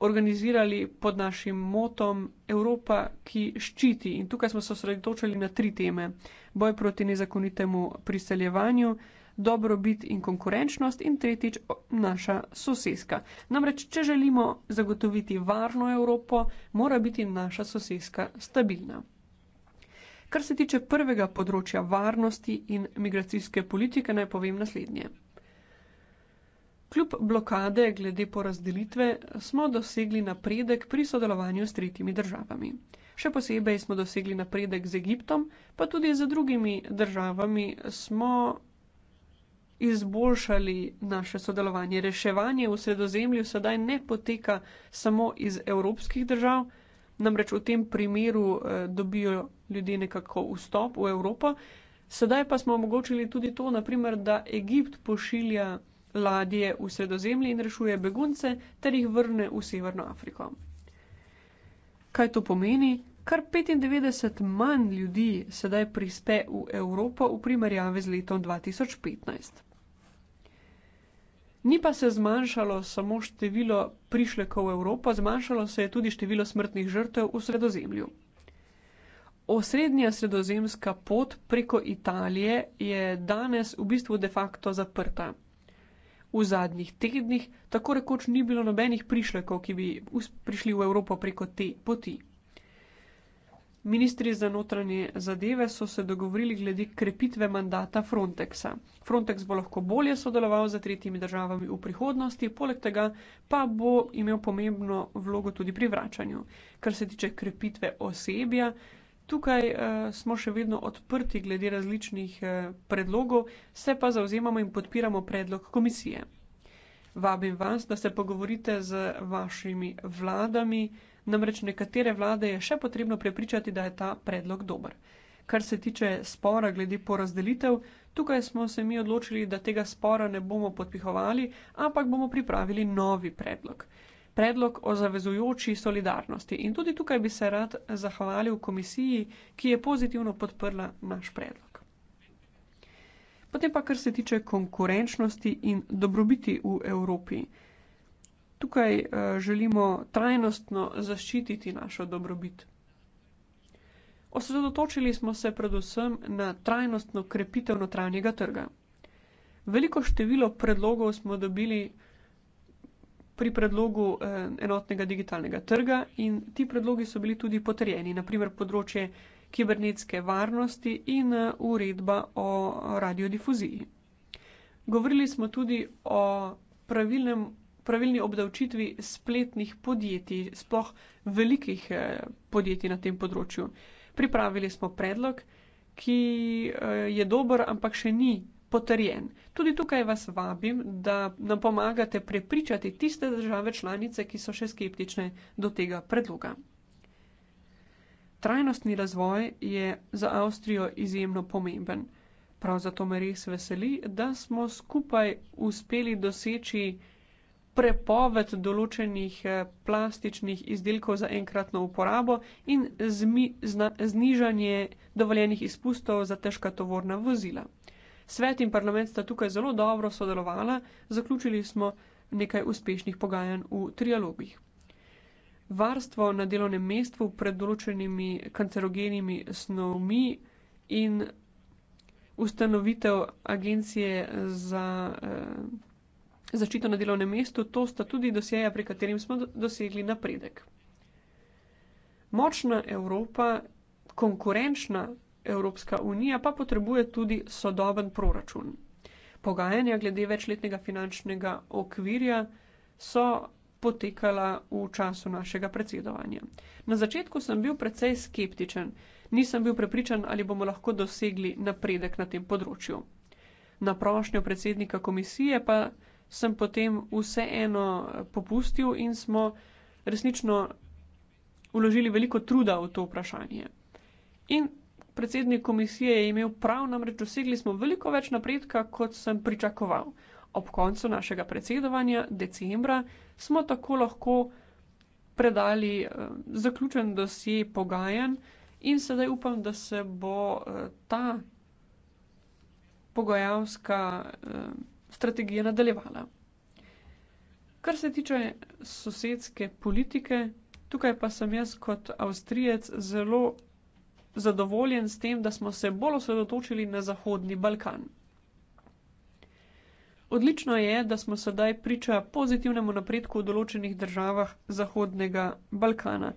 organizirali pod našim motom Evropa, ki ščiti. In tukaj smo se osredotočili na tri teme: boj proti nezakonitemu priseljevanju, dobrobit in konkurenčnost in tretjič naša soseska. Namreč, če želimo zagotoviti varno Evropo, mora biti naša soseska stabilna. Kar se tiče prvega področja varnosti in migracijske politike, naj povem naslednje. Kljub blokade glede porazdelitve smo dosegli napredek pri sodelovanju s tretjimi državami. Še posebej smo dosegli napredek z Egiptom, pa tudi z drugimi državami smo izboljšali naše sodelovanje. Reševanje v sredozemlju sedaj ne poteka samo iz evropskih držav, namreč v tem primeru eh, dobijo ljudje nekako vstop v Evropo. Sedaj pa smo omogočili tudi to, naprimer, da Egipt pošilja ladje v sredozemlje in rešuje begunce ter jih vrne v Severno Afriko. Kaj to pomeni? Kar 95 manj ljudi sedaj prispe v Evropo v primerjavi z letom 2015. Ni pa se zmanjšalo samo število prišlekov v Evropo, zmanjšalo se je tudi število smrtnih žrtev v sredozemlju. Osrednja sredozemska pot preko Italije je danes v bistvu de facto zaprta. V zadnjih tednih tako rekoč ni bilo nobenih prišlekov, ki bi prišli v Evropo preko te poti. Ministri za notranje zadeve so se dogovorili glede krepitve mandata Frontexa. Frontex bo lahko bolje sodeloval z tretjimi državami v prihodnosti, poleg tega pa bo imel pomembno vlogo tudi pri vračanju. Kar se tiče krepitve osebja, tukaj eh, smo še vedno odprti glede različnih eh, predlogov, se pa zauzemamo in podpiramo predlog komisije. Vabim vas, da se pogovorite z vašimi vladami namreč nekatere vlade je še potrebno prepričati, da je ta predlog dober. Kar se tiče spora glede porazdelitev, tukaj smo se mi odločili, da tega spora ne bomo podpihovali, ampak bomo pripravili novi predlog. Predlog o zavezujoči solidarnosti. In tudi tukaj bi se rad zahvalil komisiji, ki je pozitivno podprla naš predlog. Potem pa kar se tiče konkurenčnosti in dobrobiti v Evropi. Tukaj eh, želimo trajnostno zaščititi našo dobrobit. Osredotočili smo se predvsem na trajnostno krepitev notranjega trga. Veliko število predlogov smo dobili pri predlogu eh, enotnega digitalnega trga in ti predlogi so bili tudi potrjeni, naprimer področje kibernetske varnosti in eh, uredba o radiodifuziji. Govorili smo tudi o pravilnem pravilni obdavčitvi spletnih podjetij, sploh velikih eh, podjetij na tem področju. Pripravili smo predlog, ki eh, je dober, ampak še ni potrjen. Tudi tukaj vas vabim, da nam pomagate prepričati tiste države članice, ki so še skeptične do tega predloga. Trajnostni razvoj je za Avstrijo izjemno pomemben. Prav zato me res veseli, da smo skupaj uspeli doseči prepoved določenih eh, plastičnih izdelkov za enkratno uporabo in znižanje dovoljenih izpustov za težka tovorna vozila. Svet in parlament sta tukaj zelo dobro sodelovala, zaključili smo nekaj uspešnih pogajanj v trialogih. Varstvo na delovnem mestu pred določenimi kancerogenimi snovmi in ustanovitev agencije za eh, Zaščito na delovnem mestu, to sta tudi dosjeja, pri katerim smo dosegli napredek. Močna Evropa, konkurenčna Evropska unija pa potrebuje tudi sodoben proračun. Pogajanja glede večletnega finančnega okvirja so potekala v času našega predsedovanja. Na začetku sem bil precej skeptičen, nisem bil prepričan, ali bomo lahko dosegli napredek na tem področju. Na prošnjo predsednika komisije pa sem potem vseeno popustil in smo resnično uložili veliko truda v to vprašanje. In predsednik komisije je imel prav, namreč dosegli smo veliko več napredka, kot sem pričakoval. Ob koncu našega predsedovanja, decembra, smo tako lahko predali eh, zaključen dosje pogajanj in sedaj upam, da se bo eh, ta pogajalska. Eh, strategija nadaljevala. Kar se tiče sosedske politike, tukaj pa sem jaz kot Avstrijec zelo zadovoljen s tem, da smo se bolj osredotočili na Zahodni Balkan. Odlično je, da smo sedaj priča pozitivnemu napredku v določenih državah Zahodnega Balkana.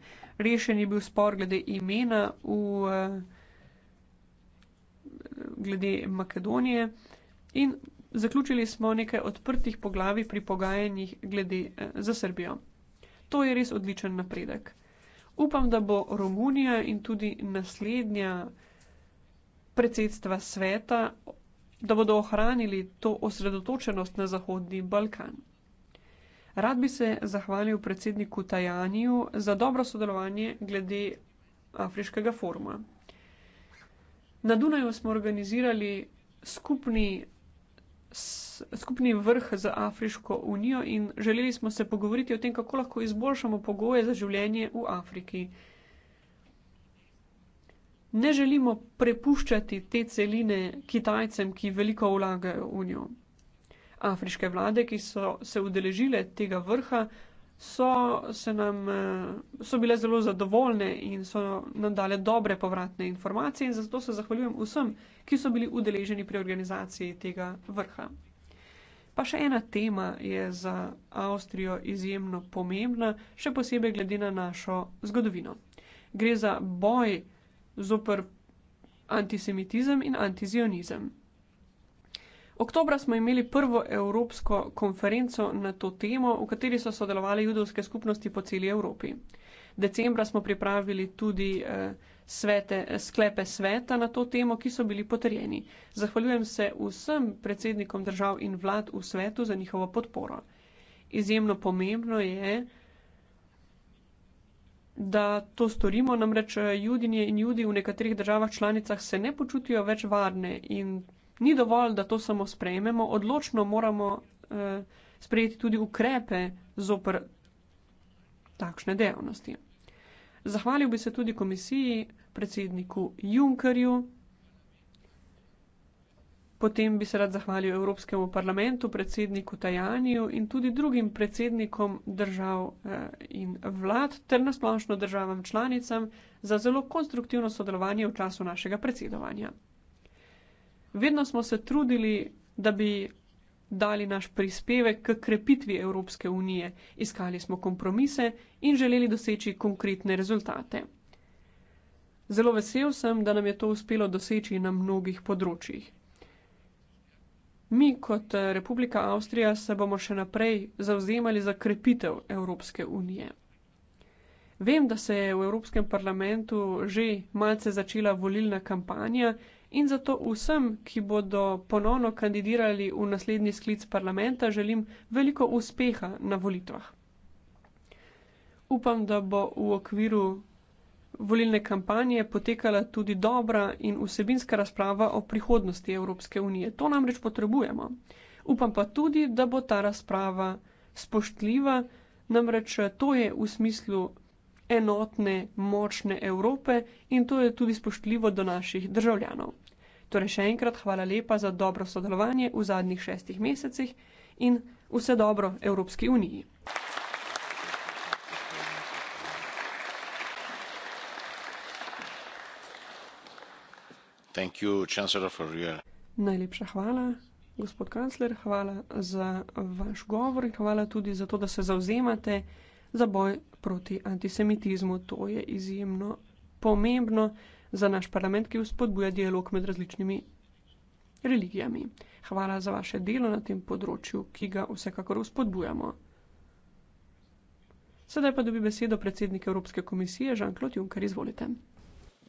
Rešen je bil spor glede imena v, eh, glede Makedonije in zaključili smo nekaj odprtih poglavij pri pogajanjih glede eh, za Srbijo. To je res odličen napredek. Upam, da bo Romunija in tudi naslednja predsedstva sveta, da bodo ohranili to osredotočenost na Zahodni Balkan. Rad bi se zahvalil predsedniku Tajaniju za dobro sodelovanje glede afriškega foruma. Na Dunaju smo organizirali skupni skupni vrh z Afriško unijo in želeli smo se pogovoriti o tem, kako lahko izboljšamo pogoje za življenje v Afriki. Ne želimo prepuščati te celine Kitajcem, ki veliko vlagajo v njo. Afriške vlade, ki so se udeležile tega vrha, so, nam, eh, so bile zelo zadovoljne in so nam dale dobre povratne informacije, in zato se zahvaljujem vsem, ki so bili udeleženi pri organizaciji tega vrha. Pa še ena tema je za Avstrijo izjemno pomembna, še posebej glede na našo zgodovino. Gre za boj zoper antisemitizem in antizionizem. Oktober smo imeli prvo evropsko konferenco na to temo, v kateri so sodelovali judovske skupnosti po celi Evropi. Decembra smo pripravili tudi eh, svete, sklepe sveta na to temo, ki so bili potrjeni. Zahvaljujem se vsem predsednikom držav in vlad v svetu za njihovo podporo. Izjemno pomembno je, da to storimo, namreč eh, judinje in judi v nekaterih državah članicah se ne počutijo več varne in ni dovolj, da to samo sprejmemo, odločno moramo eh, sprejeti tudi ukrepe zopr takšne dejavnosti. Zahvalil bi se tudi komisiji, predsedniku Junkerju, potem bi se rad zahvalil Evropskemu parlamentu, predsedniku Tajaniju in tudi drugim predsednikom držav eh, in vlad ter nasplošno državam članicam za zelo konstruktivno sodelovanje v času našega predsedovanja. Vedno smo se trudili, da bi dali naš prispevek k krepitvi Evropske unije, iskali smo kompromise in želeli doseči konkretne rezultate. Zelo vesel sem, da nam je to uspelo doseči na mnogih področjih. Mi kot eh, Republika Avstrija se bomo še naprej zauzemali za krepitev Evropske unije. Vem, da se je v Evropskem parlamentu že malce začela volilna kampanja, in zato vsem, ki bodo ponovno kandidirali v naslednji sklic parlamenta, želim veliko uspeha na volitvah. Upam, da bo v okviru volilne kampanje potekala tudi dobra in vsebinska razprava o prihodnosti Evropske unije. To namreč potrebujemo. Upam pa tudi, da bo ta razprava spoštljiva, namreč to je v smislu enotne, močne Evrope in to je tudi spoštljivo do naših državljanov. Torej, še enkrat hvala lepa za dobro sodelovanje v zadnjih šestih mesecih in vse dobro Evropski uniji. You, Najlepša hvala, gospod kancler, hvala za vaš govor in hvala tudi za to, da se zauzemate za boj proti antisemitizmu. To je izjemno pomembno za naš parlament, ki vzpodbuja dialog med različnimi religijami. Hvala za vaše delo na tem področju, ki ga vsekakor vzpodbujamo. Sedaj pa dobi besedo predsednik Evropske komisije Jean-Claude Juncker, izvolite.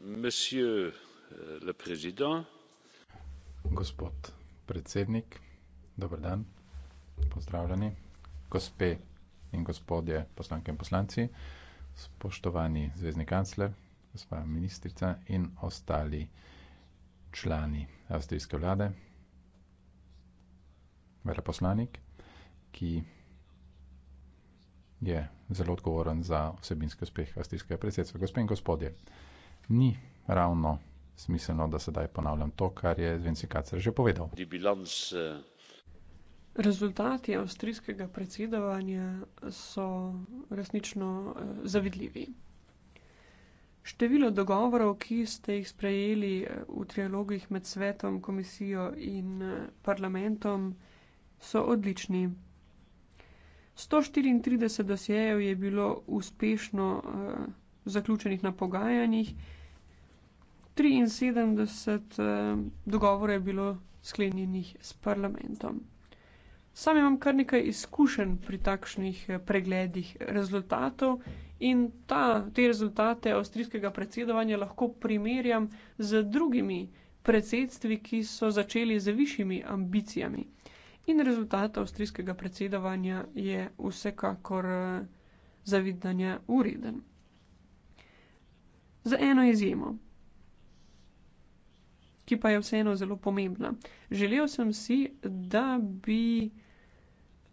Euh, Gospod predsednik, dober dan, pozdravljeni, gospe in gospodje poslanke in poslanci, spoštovani zvezdni kancler, gospa ministrica in ostali člani avstrijske vlade, veleposlanik, ki je zelo odgovoren za vsebinski uspeh avstrijskega predsedstva. Gospe in gospodje, ni ravno smiselno, da sedaj ponavljam to, kar je zvezdni kancler že povedal. Rezultati avstrijskega predsedovanja so resnično eh, zavidljivi. Število dogovorov, ki ste jih sprejeli eh, v trialogih med svetom, komisijo in eh, parlamentom, so odlični. 134 dosjejev je bilo uspešno uh, zaključenih na pogajanjih, 73 uh, dogovorov je bilo sklenjenih s parlamentom. Sam imam kar nekaj izkušenj pri takšnih eh, pregledih eh, rezultatov in ta, te rezultate avstrijskega predsedovanja lahko primerjam z drugimi predsedstvi, ki so začeli z višjimi ambicijami. In rezultat avstrijskega predsedovanja je vsekakor eh, zavidanja ureden. Za eno izjemo, ki pa je vseeno zelo pomembna. Želel sem si, da bi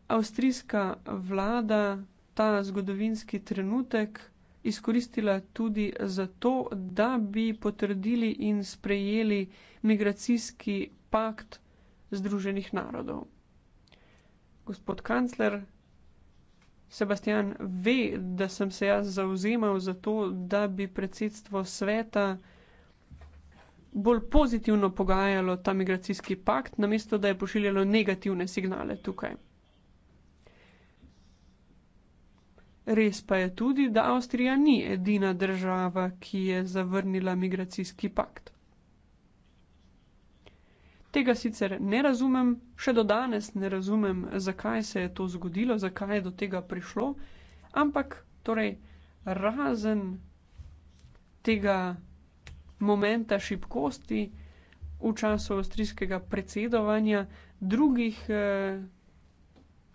avstrijska vlada ta zgodovinski trenutek izkoristila tudi za to, da bi potrdili in sprejeli migracijski pakt Združenih narodov. Gospod kancler, Sebastian ve, da sem se jaz zauzemal za to, da bi predsedstvo sveta bolj pozitivno pogajalo ta migracijski pakt, namesto da je pošiljalo negativne signale tukaj. Res pa je tudi, da Avstrija ni edina država, ki je zavrnila migracijski pakt. Tega sicer ne razumem, še do danes ne razumem, zakaj se je to zgodilo, zakaj je do tega prišlo, ampak torej, razen tega momenta šibkosti v času avstrijskega predsedovanja, drugih. Eh,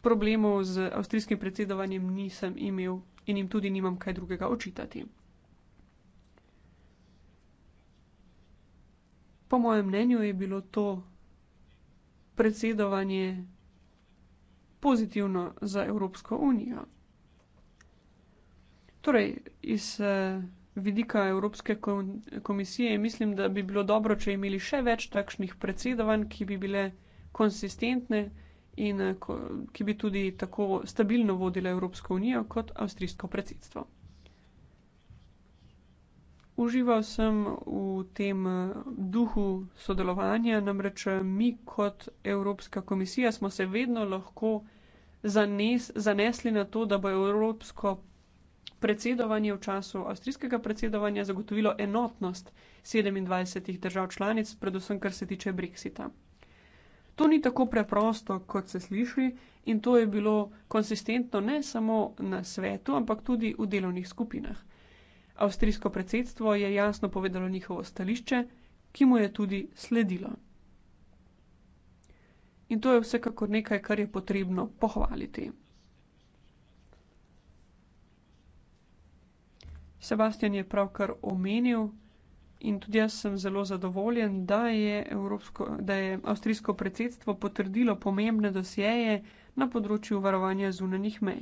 problemov z avstrijskim predsedovanjem nisem imel in jim tudi nimam kaj drugega očitati. Po mojem mnenju je bilo to predsedovanje pozitivno za Evropsko unijo. Torej, iz eh, vidika Evropske komisije mislim, da bi bilo dobro, če imeli še več takšnih predsedovanj, ki bi bile konsistentne in eh, ki bi tudi tako stabilno vodila Evropsko unijo kot avstrijsko predsedstvo. Užival sem v tem eh, duhu sodelovanja, namreč eh, mi kot Evropska komisija smo se vedno lahko zanesli na to, da bo evropsko predsedovanje v času avstrijskega predsedovanja zagotovilo enotnost sedemindvajsetih držav članic, predvsem kar se tiče Brexita. To ni tako preprosto, kot se sliši, in to je bilo konsistentno ne samo na svetu, ampak tudi v delovnih skupinah. Avstrijsko predsedstvo je jasno povedalo njihovo stališče, ki mu je tudi sledilo. In to je vsekakor nekaj, kar je potrebno pohvaliti. Sebastian je pravkar omenil, In tudi jaz sem zelo zadovoljen, da je, Evropsko, da je avstrijsko predsedstvo potrdilo pomembne dosjeje na področju varovanja zunanih mej.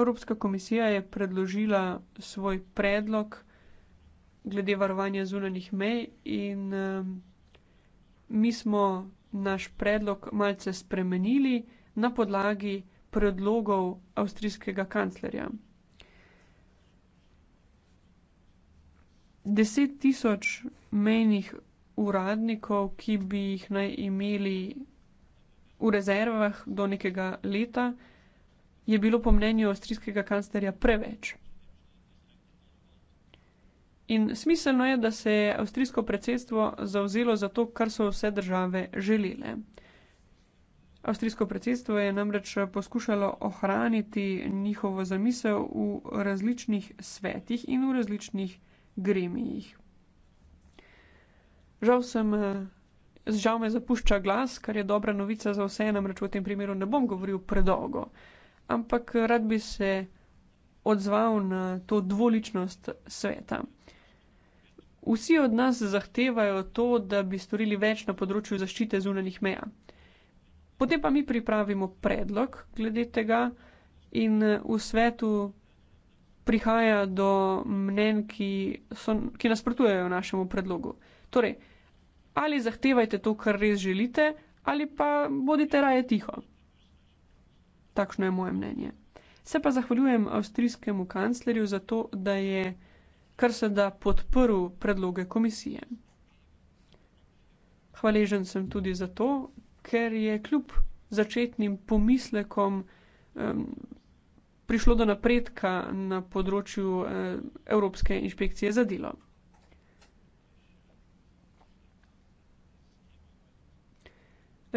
Evropska komisija je predložila svoj predlog glede varovanja zunanih mej in um, mi smo naš predlog malce spremenili na podlagi predlogov avstrijskega kanclerja. deset tisoč mejnih uradnikov, ki bi jih naj imeli v rezervah do nekega leta, je bilo po mnenju avstrijskega kanclerja preveč. In smiselno je, da se je avstrijsko predsedstvo zavzelo za to, kar so vse države želele. Avstrijsko predsedstvo je namreč poskušalo ohraniti njihovo zamisel v različnih svetih in v različnih gremijih. Žal sem, eh, žal me zapušča glas, kar je dobra novica za vse, namreč v tem primeru ne bom govoril predolgo. Ampak eh, rad bi se odzval na to dvoličnost sveta. Vsi od nas zahtevajo to, da bi storili več na področju zaščite zunanih meja. Potem pa mi pripravimo predlog glede tega in eh, v svetu prihaja do mnen, ki, so, ki nasprotujejo našemu predlogu. Torej, ali zahtevajte to, kar res želite, ali pa bodite raje tiho. Takšno je moje mnenje. Se pa zahvaljujem avstrijskemu kanclerju za to, da je kar se da podprl predloge komisije. Hvaležen sem tudi za to, ker je kljub začetnim pomislekom um, prišlo do napredka na področju eh, Evropske inšpekcije za delo.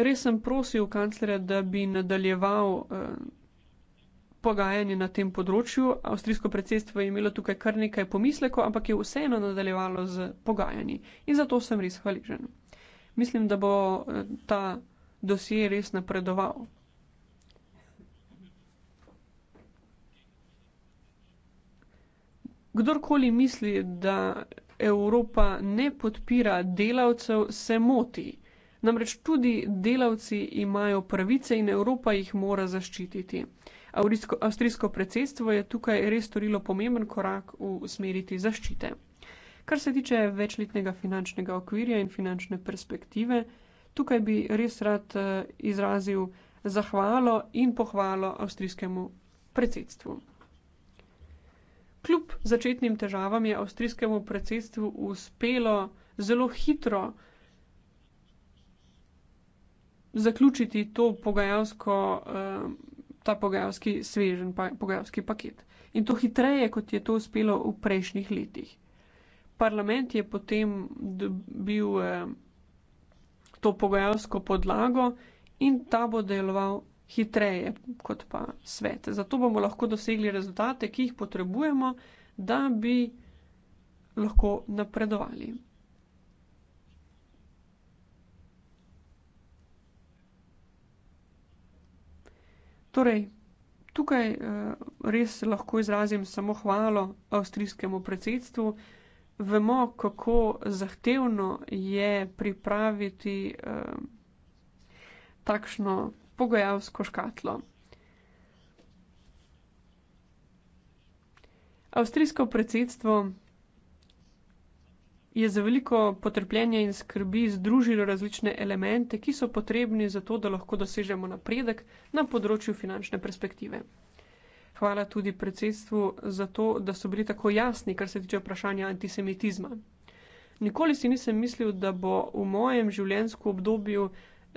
Res sem prosil kanclerja, da bi nadaljeval eh, pogajanje na tem področju. Avstrijsko predsedstvo je imelo tukaj kar nekaj pomislekov, ampak je vseeno nadaljevalo z pogajanji. In zato sem res hvaležen. Mislim, da bo eh, ta dosje res napredoval. Kdorkoli misli, da Evropa ne podpira delavcev, se moti. Namreč tudi delavci imajo pravice in Evropa jih mora zaščititi. Avrisko, avstrijsko predsedstvo je tukaj res storilo pomemben korak v smeri zaščite. Kar se tiče večletnega finančnega okvirja in finančne perspektive, tukaj bi res rad eh, izrazil zahvalo in pohvalo avstrijskemu predsedstvu. Kljub začetnim težavam je avstrijskemu predsedstvu uspelo zelo hitro zaključiti pogajalsko, eh, ta pogajalski svežen, pogajalski paket. In to hitreje, kot je to uspelo v prejšnjih letih. Parlament je potem dobil eh, to pogajalsko podlago in ta bo deloval hitreje kot pa svet. Zato bomo lahko dosegli rezultate, ki jih potrebujemo, da bi lahko napredovali. Torej, tukaj eh, res lahko izrazim samo hvalo avstrijskemu predsedstvu. Vemo, kako zahtevno je pripraviti eh, takšno pogajalsko škatlo. Avstrijsko predsedstvo je za veliko potrpljenja in skrbi združilo različne elemente, ki so potrebni za to, da lahko dosežemo napredek na področju finančne perspektive. Hvala tudi predsedstvu za to, da so bili tako jasni, kar se tiče vprašanja antisemitizma. Nikoli si nisem mislil, da bo v mojem življenjsku obdobju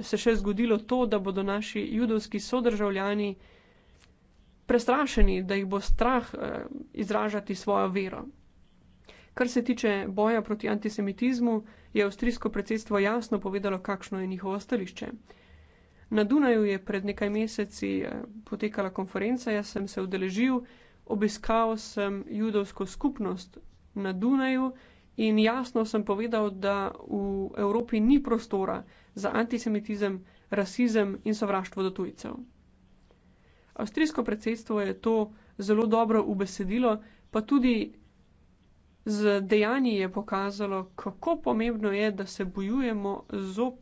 se še zgodilo to, da bodo naši judovski sodržavljani prestrašeni, da jih bo strah eh, izražati svojo vero. Kar se tiče boja proti antisemitizmu, je avstrijsko predsedstvo jasno povedalo, kakšno je njihovo stališče. Na Dunaju je pred nekaj meseci eh, potekala konferenca, jaz sem se udeležil, obiskal sem judovsko skupnost na Dunaju in jasno sem povedal, da v Evropi ni prostora, za antisemitizem, rasizem in sovraštvo do tujcev. Avstrijsko predsedstvo je to zelo dobro ubesedilo, pa tudi z dejanji je pokazalo, kako pomembno je, da se bojujemo zop